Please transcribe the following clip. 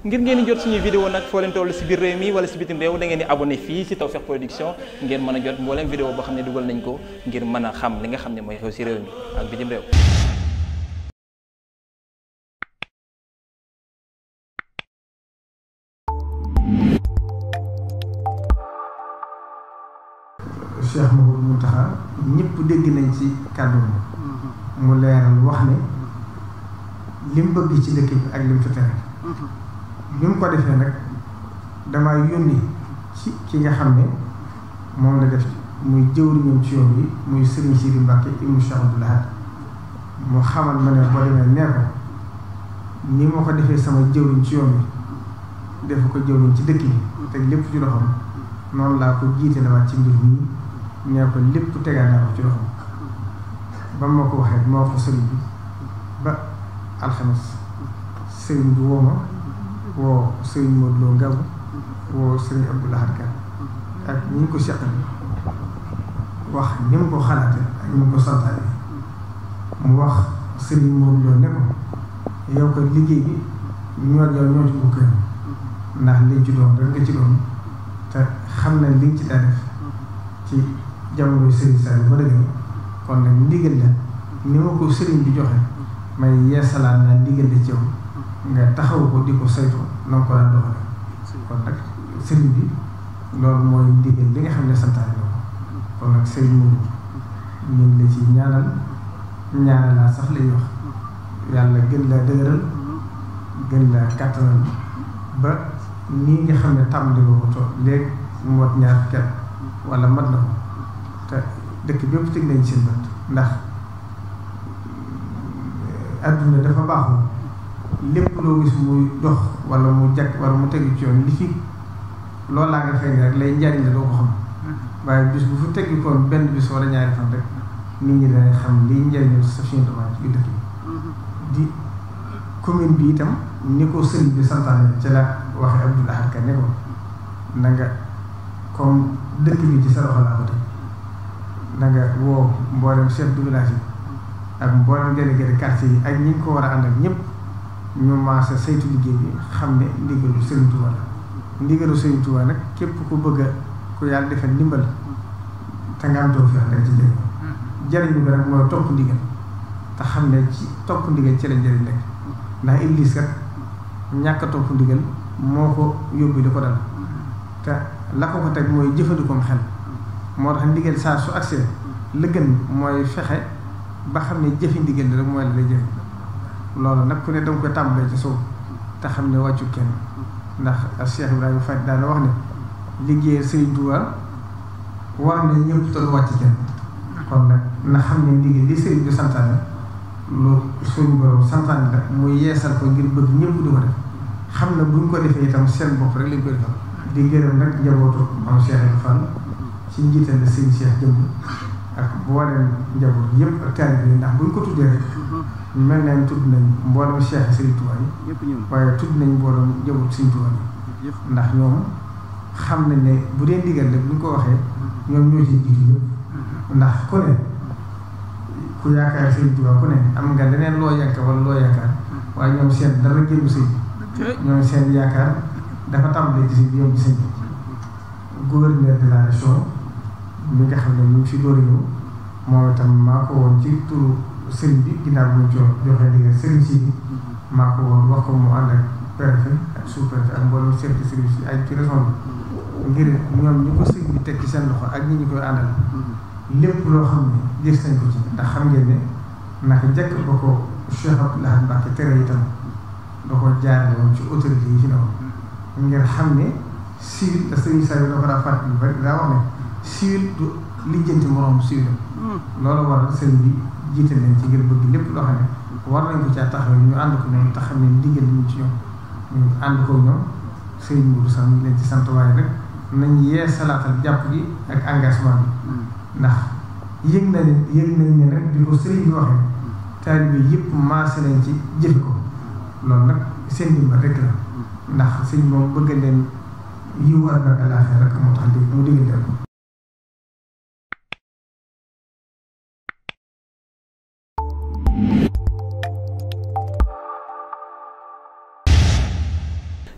ngir ngeen di jot suñuy vidéo nag foo leen si biir réew mi wala si bitim réew da ngeen di abonné fii si Tawfekh Production ngeen mën a jot mbooleem vidéo boo xam ne dugal nañ ko ngir mën a xam li nga xam ne mooy xew si réew mi mm-hmm. lim bëgg ci dëkk bi ak lim fi tere mm-hmm. bi mu ko defee nag damaa yónni ci ki nga xam ne moom la def muy jëwriñam ci yoon bi muy Serigne Sidi Mbacke ibnu Cheikh Abdoul Ahad mu xamal ma boo demee nee ko ni ma ko defee sama jëwriñ ci yoon bi def ko jëwriñ ci dëkk yi teg lépp ci loxoom noonu laa ko jiite la waat ci mbir mi nee ko lépp tegaat ko ci loxoom ba ma ko waxee moo ko sëriñ bi ba alxames sëriñ bi woo ma woo Serigne Modou Lo Ngabou woo Serigne Abdou Lahad Ka ak ñi ko seqal wax ñi mu ko xalaate ak ñi mu ko santaane mu wax Serigne Modou Lo ne ko yow ko liggéey bi ñoo yow ñoo ci bokk ndax liñ ci doon rek ci doon te xam na liñ ci daan def ci jamono Serigne Sall ba dëgg kon nag ndigal ni ma ko Serigne bi joxe may yeesalaat naa ndigal ci yow nga taxaw ko di ko saytu na nga ko daan doxale bi loolu mooy ndigal li nga xam ne santaane la ko kon nag sëriñ moom ñu ngi la ci ñaanal ñaanal laa sax lay wax yàlla gën laa dëgëral gën laa kàttanal ba nii nga xam ne tàmbali nga ko toog léegi mu ñaar kenn wala mat na ko te dëkk bépp teg nañ seen bët ndax eh, adduna dafa baaxoo lépp loo gis muy dox wala mu jàkk wala mu tegu ci yoon li fi loolu laa nga feeñ rek lay njariñ la doo ko xam waaye bis bu fi tegu koon benn bis wala ñaari fan rek nit ñi dañuy xam liy njariñu Safinatul Amaan ci dëkk bi commune bi itam ni ko sëriñ bi santaane ci la waxe Abdul Ahad Ka ne ko na nga ci sa loxo laa ko teg na nga woo mboolem chef de yi ak mboolem délégué quartier yi ak ñi ko war a ànd ak ñëpp ñu maase saytu liggéey bi xam ne ndigalu Serigne Touba la ndigalu Serigne Touba nag képp ku bëgg ko ku yàlla defal ndimbal te nga am tawfeex rek te xam ne ci topp ndigal ci la jëriñ rek ndax Iblis kat ñàkk topp ndigal moo ko yóbbu di ko dal te la ko ko teg mooy jëfandikoom xel moo tax ndigal saa su agsee la gën mooy fexe ba xam ne jëfi ndigal rek mooy la lay loolu nag ku ne danga ko tàmbalee ci soow te xam ne wàccu kenn ndax Cheikh Ibrahima Faye daana wax ne liggéey Sëriñ Tuubaa war na ñëpp te du wàcc kenn kon nag na xam ne liggéey li sëriñ bi santaane lu suñu borom santaane la muy yeesal ko ngir bëgg ñëpp di ko def xam ne buñ ko defee itam seen bopp rek lañ koy defal di gërëm nag njabootu am Cheikh Ibrahima Fall ci njiital Sëriñ Cheikh jëmm ak boo leen njaboot yëpp ak taalibe yi ndax buñ ko tuddee rek mel nañ tudd nañ mboolem Cheikh Serigne Touba yi waaye tudd nañ mu njaboot Serigne Touba yi ndax ñoom xam nañ ne bu dee ndigal rek bu ñu ko waxee ñoom ñoo ci jiitu ñëpp mm-hmm. ndax ku ne ku yaakaar Serigne Touba ku ne am nga leneen loo yaakaar wala loo yaakaar mm-hmm. waaye ñoom seen dara jëndu sëñ ñoom seen yaakaar dafa tàmbalee ci si yom bi sëñ gouverneur de la nga xam ne ñu ngi fi door moom itam maa ko woon ci turu sëriñ bi ginnaaw bi ñu joxe ndigal sëriñ si bi maa ko woon wax ko mu ànd ak préfet ak sous-préfet ak mboolem chef ñu ko sëriñ bi teg ci seen loxo ak ñi ñu koy àndal lépp loo xam ne gis nañ ko ci ndax xam ngeen ne naka njëkk ba ko Cheikh Abdoulaye Mbacke tere itam da ko jaarale woon ci autorité yi ci ne woon ngir xam ne civil da sëriñ sa yi ko daa wax ne civil du lijjanti moroom suivre hmm. loolu waral sëñ bi jiite nañ ci ngir bëgg lépp loo xam ne war nañ ko caa taxaw ñu ànd ko nañ taxaw ne ndigal ñu ci ñoom ñu ànd ko ñoom sëñ Mourou sax ñu leen ci sant waaye rek nañ yee salaatal jàpp gi ak engagement bi hmm. ndax yëg nañ yëg nañ ne rek di ko sëriñ bi waxee taalibe bi yëpp maase nañ ci jëfe ko loolu nag seen dimbal rek la hmm. ndax sëñ moom bëgg leen yiw ak alaaxira rek moo tax mu digal ko